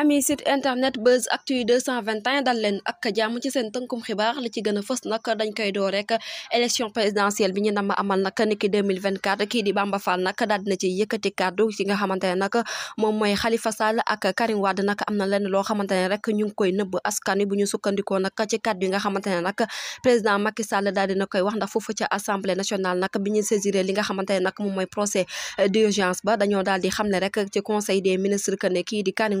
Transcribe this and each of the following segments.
ami site internet Buzz Actu 221 dal leen ak jàmm ci seen tënkum xibaar li ci gën a fës dañ koy door rek élection présidentielle bi ñu nam amal nag niki 2024 kii di Bamba daal dina ci yëkkati kàddu ci nga xamante ne moom mooy Khalifa Sall ak Karim Wade nag am na leen loo xamante rek ñu ngi koy nëbb askan wi bu ñu sukkandikoo nag ci kàddu yi nga xamante ne nag président Macky Sall daal dina koy wax ndax foofu ca assemblée nationale nag bi ñu saisiré li nga xamante ne nag moom mooy procès d'urgence ba dañoo daal di ci conseil kii di Karim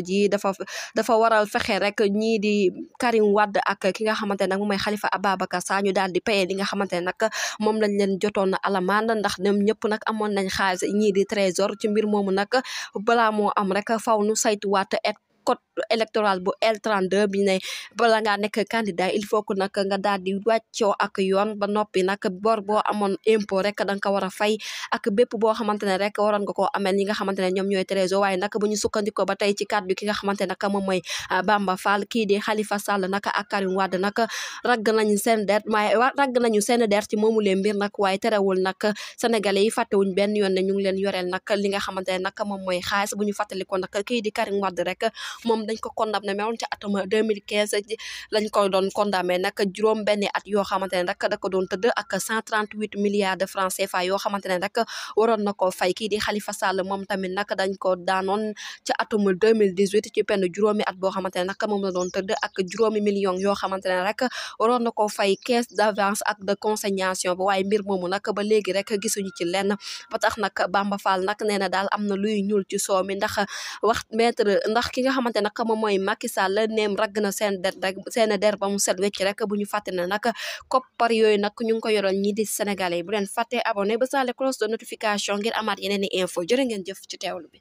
jamono ji dafa dafa waral fexe rek ñii di Karim Wade ak ki nga xamante ne nag moom mooy Khalifa Ababacar Sall ñu daal di paye li nga xamante ne nag moom lañ leen jotoon na alamaan ndax ñoom ñëpp nag amoon nañ xaalis ñii di trésor ci mbir moomu nag am rek faw nu saytuwaat et code électoral bu L32 bi ne bala ngaa nekk candidat il faut que nag nga daal di wàccoo ak yoon ba noppi nag bor boo amoon impôt rek da nga ko war a fay ak bépp boo xamante ne rek waroon nga koo amel ñi nga xamante ne ñoom ñooy trésor waaye nag bu ñu sukkandikoo ba tey ci kàddu ki nga xamante nag moom mooy ah, Bamba Fall kii di Khalifa Sall nag ak Karim Wade nag ragg nañu seen der waaye ragg nañu seen der ci moomu leen mbir nag waaye terewul nag sénégalais yi fàttewuñ benn yoon ne ñu ngi leen yoreel nag li nga xamante ne nag moom mooy xaalis bu ñu fàttalikoo nag kii di Karim Wade rek moom dañ ko condamné mais woon ca atum 2015 lañ ko doon condamné nag juróom benni at yoo xamante ne rek da ko doon tëdd ak 138 milliards de francs CFA yoo xamante ne rek waroon na ko fay kii di Khalifa Sall moom tamit nag dañ ko daanoon ca atum 2018 ci penn juróomi at boo xamante ne nag moom la doon tëdd ak juróomi millions yoo xamante ne rek waroon na ko fay caisse d'avance ak de consignation ba waaye mbir moomu nag ba léegi rek gisuñu ci lenn ba tax nag Bamba Fall nag nee na daal am na luy ñuul ci soow mi ndax xamante nag moom mooy Macky Sall neem ragg na seen der rek seen der ba mu set wecc rek bu ñu fàtte na nag koppar yooyu nag ñu ngi ko yoroon ñi di Sénégalais yi bu leen fàttee abonné ba saale cloche de notification ngir amaat yeneen i info jërë ngeen jëf ci teewlu bi